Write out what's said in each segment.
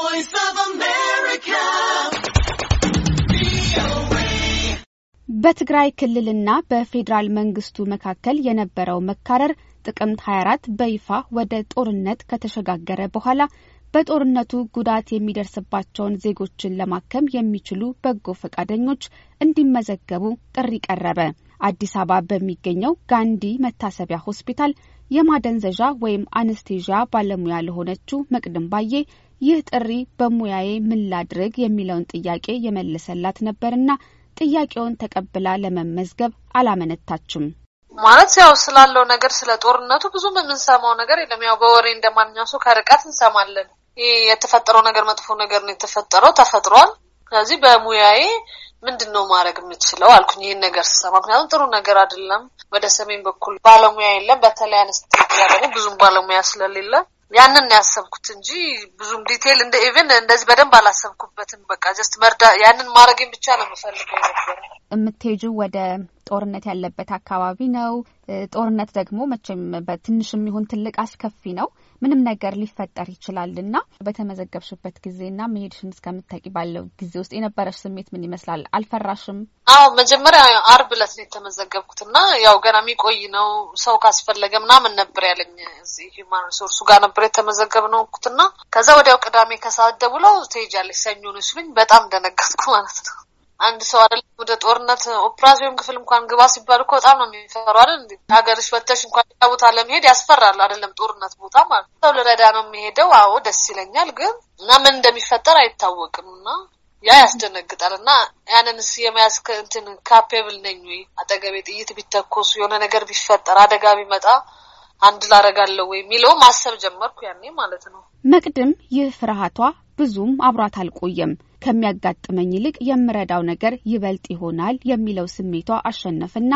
voice of America. በትግራይ ክልልና በፌዴራል መንግስቱ መካከል የነበረው መካረር ጥቅምት 24 በይፋ ወደ ጦርነት ከተሸጋገረ በኋላ በጦርነቱ ጉዳት የሚደርስባቸውን ዜጎችን ለማከም የሚችሉ በጎ ፈቃደኞች እንዲመዘገቡ ጥሪ ቀረበ። አዲስ አበባ በሚገኘው ጋንዲ መታሰቢያ ሆስፒታል የማደንዘዣ ወይም አነስቴዥያ ባለሙያ ለሆነችው መቅድም ባዬ ይህ ጥሪ በሙያዬ ምን ላድርግ የሚለውን ጥያቄ የመለሰላት ነበርና ጥያቄውን ተቀብላ ለመመዝገብ አላመነታችም። ማለት ያው ስላለው ነገር ስለ ጦርነቱ ብዙም የምንሰማው ነገር የለም። ያው በወሬ ማንኛው ሰው ከርቀት እንሰማለን። ይህ የተፈጠረው ነገር መጥፎ ነገር ነው የተፈጠረው፣ ተፈጥሯል። ስለዚህ በሙያዬ ምንድን ነው ማድረግ የምችለው አልኩኝ፣ ይህን ነገር ስሰማ። ምክንያቱም ጥሩ ነገር አይደለም። ወደ ሰሜን በኩል ባለሙያ የለም። በተለይ አነስተኛ ደግሞ ብዙም ባለሙያ ስለሌለ ያንን ያሰብኩት እንጂ ብዙም ዲቴል እንደ ኢቨን እንደዚህ በደንብ አላሰብኩበትም። በቃ ጀስት መርዳ ያንን ማድረግን ብቻ ነው የምፈልገው ነበር። የምትሄጁ ወደ ጦርነት ያለበት አካባቢ ነው። ጦርነት ደግሞ መቼም በትንሽ የሚሆን ትልቅ አስከፊ ነው። ምንም ነገር ሊፈጠር ይችላል እና በተመዘገብሽበት ጊዜ ጊዜና መሄድሽን እስከምታውቂ ባለው ጊዜ ውስጥ የነበረሽ ስሜት ምን ይመስላል? አልፈራሽም? አዎ መጀመሪያ አርብ ዕለት ነው የተመዘገብኩት እና ያው ገና የሚቆይ ነው ሰው ካስፈለገ ምናምን ነበር ያለኝ እዚህ ሂውማን ሪሶርሱ ጋር ነበር የተመዘገብ የተመዘገብኩት እና ከዛ ወዲያው ቅዳሜ ከሰዓት ደውለው ትሄጃለሽ ሰኞ ነው ሲሉኝ በጣም ደነገጥኩ ማለት ነው። አንድ ሰው አደለ ወደ ጦርነት ኦፕራሲዮን ክፍል እንኳን ግባ ሲባል እኮ በጣም ነው የሚፈሩ አይደል? እንዲ ሀገርሽ ወተሽ እንኳን ሌላ ቦታ ለመሄድ ያስፈራል። አይደለም ጦርነት ቦታ ማለት ነው። ሰው ልረዳ ነው የሚሄደው። አዎ ደስ ይለኛል፣ ግን እና ምን እንደሚፈጠር አይታወቅም እና ያ ያስደነግጣል። እና ያንን ስ የመያዝ እንትን ካፔብል ነኝ ወይ አጠገቤ ጥይት ቢተኮሱ የሆነ ነገር ቢፈጠር አደጋ ቢመጣ አንድ ላረጋለሁ ወይ የሚለው ማሰብ ጀመርኩ ያኔ ማለት ነው። መቅድም ይህ ፍርሃቷ ብዙም አብሯት አልቆየም። ከሚያጋጥመኝ ይልቅ የምረዳው ነገር ይበልጥ ይሆናል የሚለው ስሜቷ አሸነፍና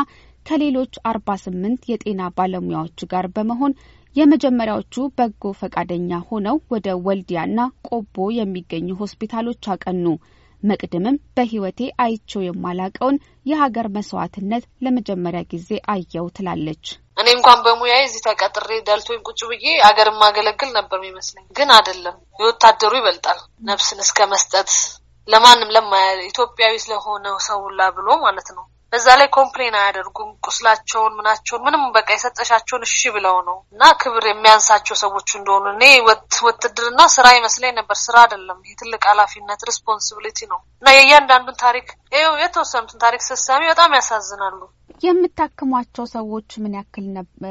ከሌሎች አርባ ስምንት የጤና ባለሙያዎች ጋር በመሆን የመጀመሪያዎቹ በጎ ፈቃደኛ ሆነው ወደ ወልዲያና ቆቦ የሚገኙ ሆስፒታሎች አቀኑ። መቅድምም በሕይወቴ አይቸው የማላቀውን የሀገር መስዋዕትነት ለመጀመሪያ ጊዜ አየው ትላለች። እኔ እንኳን በሙያዬ እዚህ ተቀጥሬ ወይም ቁጭ ብዬ አገር ማገለግል ነበር የሚመስለኝ፣ ግን አይደለም። የወታደሩ ይበልጣል ነፍስን እስከ መስጠት ለማንም ለማያ ኢትዮጵያዊ ስለሆነው ሰው ላ ብሎ ማለት ነው። በዛ ላይ ኮምፕሌን አያደርጉም። ቁስላቸውን ምናቸውን ምንም በቃ የሰጠሻቸውን እሺ ብለው ነው እና ክብር የሚያንሳቸው ሰዎች እንደሆኑ እኔ ውትድርና ስራ ይመስለኝ ነበር። ስራ አይደለም። ይህ ትልቅ ኃላፊነት ሪስፖንሲቢሊቲ ነው እና የእያንዳንዱን ታሪክ የተወሰኑትን ታሪክ ስሰሚ በጣም ያሳዝናሉ። የምታክሟቸው ሰዎች ምን ያክል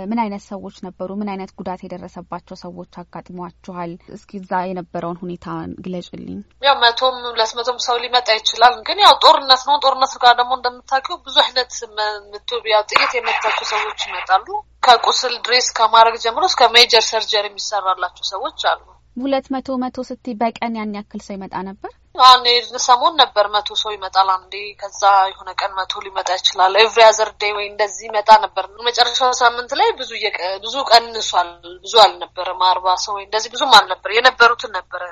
ምን አይነት ሰዎች ነበሩ? ምን አይነት ጉዳት የደረሰባቸው ሰዎች አጋጥሟችኋል? እስኪ እዛ የነበረውን ሁኔታ ግለጭልኝ። ያው መቶም ሁለት መቶም ሰው ሊመጣ ይችላል። ግን ያው ጦርነት ነው። ጦርነት ጋር ደግሞ እንደምታውቂው ብዙ አይነት ያው ጥይት የመታቸው ሰዎች ይመጣሉ። ከቁስል ድሬስ ከማድረግ ጀምሮ እስከ ሜጀር ሰርጀር የሚሰራላቸው ሰዎች አሉ። ሁለት መቶ መቶ ስትይ በቀን ያን ያክል ሰው ይመጣ ነበር? አሁን ሰሞን ነበር መቶ ሰው ይመጣል አንዴ፣ ከዛ የሆነ ቀን መቶ ሊመጣ ይችላል። ኤቭሪ አዘር ዴይ ወይ እንደዚህ ይመጣ ነበር። መጨረሻው ሳምንት ላይ ብዙ ብዙ ቀንሷል። ብዙ አልነበረም። አርባ ሰው ወይ እንደዚህ ብዙም አልነበር። የነበሩትን ነበረ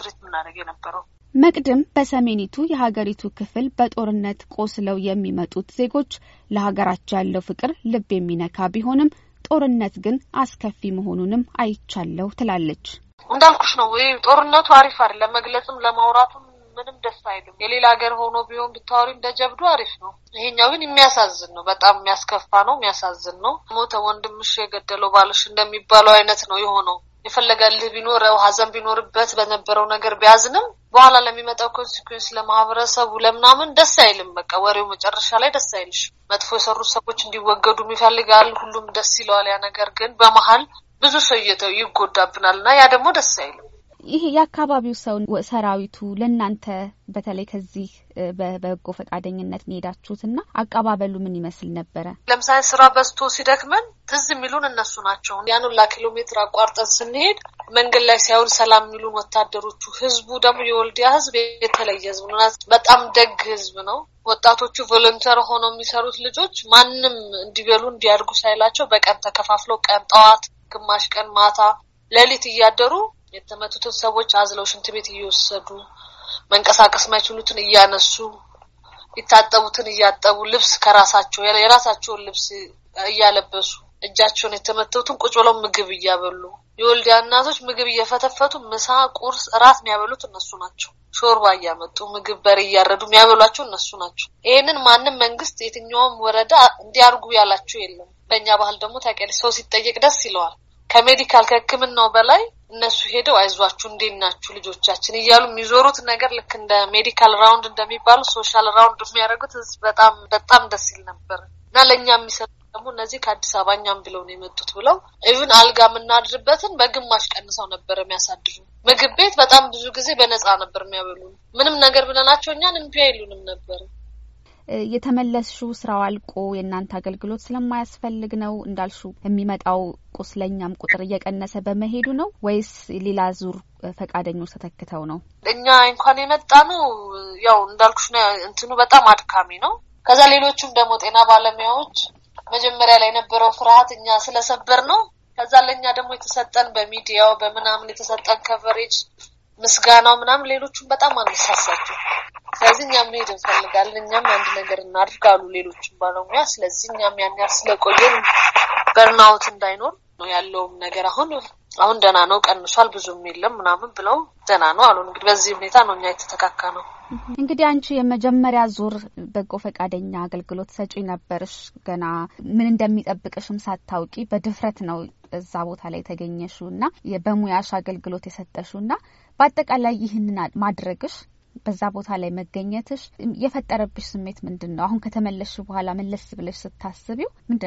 ትሪት ምናደርግ የነበረው መቅድም በሰሜኒቱ የሀገሪቱ ክፍል በጦርነት ቆስለው የሚመጡት ዜጎች ለሀገራቸው ያለው ፍቅር ልብ የሚነካ ቢሆንም ጦርነት ግን አስከፊ መሆኑንም አይቻለሁ ትላለች። እንዳልኩሽ ነው። ጦርነቱ አሪፍ አይደለም፣ ለመግለጽም ለማውራቱም ምንም ደስ አይልም። የሌላ ሀገር ሆኖ ቢሆን ብታወሪ እንደ ጀብዱ አሪፍ ነው። ይሄኛው ግን የሚያሳዝን ነው። በጣም የሚያስከፋ ነው። የሚያሳዝን ነው። ሞተ ወንድምሽ የገደለው ባልሽ እንደሚባለው አይነት ነው የሆነው። የፈለገልህ ቢኖረው ሀዘን ቢኖርበት በነበረው ነገር ቢያዝንም በኋላ ለሚመጣው ኮንሲኩዌንስ ለማህበረሰቡ ለምናምን ደስ አይልም። በቃ ወሬው መጨረሻ ላይ ደስ አይልሽ። መጥፎ የሰሩት ሰዎች እንዲወገዱም ይፈልጋል። ሁሉም ደስ ይለዋል ያ ነገር ግን በመሀል ብዙ ሰው ይጎዳብናል እና ያ ደግሞ ደስ አይልም። ይሄ የአካባቢው ሰው ሰራዊቱ ለእናንተ በተለይ ከዚህ በበጎ ፈቃደኝነት ሄዳችሁት እና አቀባበሉ ምን ይመስል ነበረ? ለምሳሌ ስራ በዝቶ ሲደክመን ትዝ የሚሉን እነሱ ናቸው። ያን ሁላ ኪሎ ሜትር አቋርጠን ስንሄድ መንገድ ላይ ሲያውል ሰላም የሚሉን ወታደሮቹ። ህዝቡ ደግሞ የወልዲያ ህዝብ የተለየ ህዝብ ነው። በጣም ደግ ህዝብ ነው። ወጣቶቹ ቮለንተር ሆነው የሚሰሩት ልጆች ማንም እንዲበሉ እንዲያድጉ ሳይላቸው በቀን ተከፋፍለው ቀን ጠዋት ግማሽ ቀን ማታ ሌሊት እያደሩ የተመቱትን ሰዎች አዝለው ሽንት ቤት እየወሰዱ መንቀሳቀስ ማይችሉትን እያነሱ ይታጠቡትን እያጠቡ ልብስ ከራሳቸው የራሳቸውን ልብስ እያለበሱ እጃቸውን የተመተቱትን ቁጭ ብለው ምግብ እያበሉ የወልዲያ እናቶች ምግብ እየፈተፈቱ ምሳ፣ ቁርስ፣ እራት የሚያበሉት እነሱ ናቸው። ሾርባ እያመጡ ምግብ በሬ እያረዱ የሚያበሏቸው እነሱ ናቸው። ይህንን ማንም መንግስት፣ የትኛውም ወረዳ እንዲያርጉ ያላቸው የለም። በእኛ ባህል ደግሞ ታውቂያለሽ ሰው ሲጠየቅ ደስ ይለዋል። ከሜዲካል ከህክምናው በላይ እነሱ ሄደው አይዟችሁ፣ እንዴት ናችሁ ልጆቻችን እያሉ የሚዞሩት ነገር ልክ እንደ ሜዲካል ራውንድ እንደሚባሉ ሶሻል ራውንድ የሚያደርጉት በጣም በጣም ደስ ይል ነበር እና ለእኛ የሚሰጡ ደግሞ እነዚህ ከአዲስ አበባ እኛም ብለው ነው የመጡት ብለው ኢቭን አልጋ የምናድርበትን በግማሽ ቀንሰው ነበር የሚያሳድሩ። ምግብ ቤት በጣም ብዙ ጊዜ በነፃ ነበር የሚያበሉ። ምንም ነገር ብለናቸው እኛን እምቢ አይሉንም ነበር። የተመለስሹ ስራው አልቆ የእናንተ አገልግሎት ስለማያስፈልግ ነው እንዳልሹ የሚመጣው ቁስለኛም ቁጥር እየቀነሰ በመሄዱ ነው ወይስ ሌላ ዙር ፈቃደኞች ተተክተው ነው? እኛ እንኳን የመጣ ነው ያው እንዳልኩሽ ነው። እንትኑ በጣም አድካሚ ነው። ከዛ ሌሎቹም ደግሞ ጤና ባለሙያዎች መጀመሪያ ላይ የነበረው ፍርሃት እኛ ስለሰበር ነው። ከዛ ለእኛ ደግሞ የተሰጠን በሚዲያው በምናምን የተሰጠን ከቨሬጅ ምስጋናው ምናምን ሌሎቹም በጣም አነሳሳቸው። ስለዚህ እኛም መሄድ እንፈልጋለን፣ እኛም አንድ ነገር እናድርጋሉ ሌሎችን ሌሎችም ባለሙያ። ስለዚህ እኛም ያን ያህል ስለቆየን በርናውት እንዳይኖር ነው ያለውም ነገር አሁን አሁን ደህና ነው፣ ቀንሷል፣ ብዙም የለም ምናምን ብለው ደህና ነው አሉ። እንግዲህ በዚህ ሁኔታ ነው እኛ የተተካካ ነው። እንግዲህ አንቺ የመጀመሪያ ዙር በጎ ፈቃደኛ አገልግሎት ሰጪ ነበርሽ። ገና ምን እንደሚጠብቅሽም ሳታውቂ በድፍረት ነው እዛ ቦታ ላይ የተገኘሹ እና በሙያሽ አገልግሎት የሰጠሹ እና በአጠቃላይ ይህንን ማድረግሽ በዛ ቦታ ላይ መገኘትሽ የፈጠረብሽ ስሜት ምንድን ነው? አሁን ከተመለስሽ በኋላ መለስ ብለሽ ስታስቢው ምን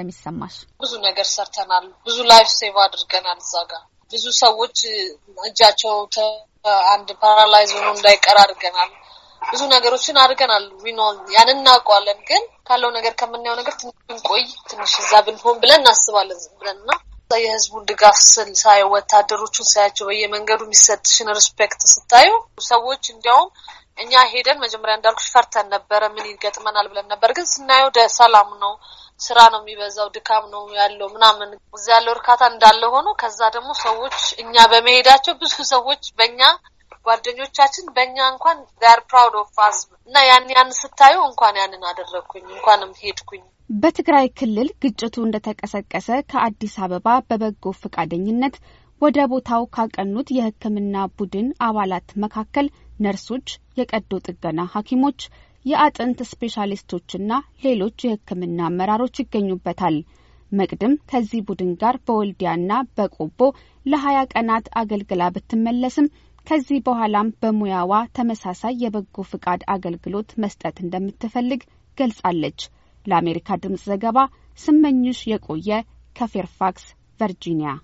ብዙ ነገር ሰርተናል። ብዙ ላይፍ ሴቭ አድርገናል። እዛ ጋር ብዙ ሰዎች እጃቸው አንድ ፓራላይዝ ሆኖ እንዳይቀር አድርገናል። ብዙ ነገሮችን አድርገናል። ዊኖ ያን እናውቀዋለን። ግን ካለው ነገር ከምናየው ነገር ትንሽ ብንቆይ ትንሽ እዛ ብንሆን ብለን እናስባለን ብለንና የህዝቡን ድጋፍ ስል ሳየው ወታደሮቹን ሳያቸው በየመንገዱ የሚሰጥሽን ሪስፔክት ስታዩ ሰዎች እንዲያውም እኛ ሄደን መጀመሪያ እንዳልኩሽ ፈርተን ነበረ፣ ምን ይገጥመናል ብለን ነበር። ግን ስናየው ሰላም ነው፣ ስራ ነው የሚበዛው፣ ድካም ነው ያለው ምናምን እዚ ያለው እርካታ እንዳለ ሆኖ ከዛ ደግሞ ሰዎች እኛ በመሄዳቸው ብዙ ሰዎች በእኛ ጓደኞቻችን በእኛ እንኳን ፕራውድ ኦፍ ፋስ እና ያን ያን ስታዩ እንኳን ያንን አደረግኩኝ እንኳንም ሄድኩኝ በትግራይ ክልል ግጭቱ እንደተቀሰቀሰ ከአዲስ አበባ በበጎ ፈቃደኝነት ወደ ቦታው ካቀኑት የሕክምና ቡድን አባላት መካከል ነርሶች፣ የቀዶ ጥገና ሐኪሞች፣ የአጥንት ስፔሻሊስቶችና ሌሎች የሕክምና አመራሮች ይገኙበታል። መቅድም ከዚህ ቡድን ጋር በወልዲያና በቆቦ ለሀያ ቀናት አገልግላ ብትመለስም ከዚህ በኋላም በሙያዋ ተመሳሳይ የበጎ ፍቃድ አገልግሎት መስጠት እንደምትፈልግ ገልጻለች። ለአሜሪካ ድምፅ ዘገባ ስመኝሽ የቆየ ከፌርፋክስ ቨርጂኒያ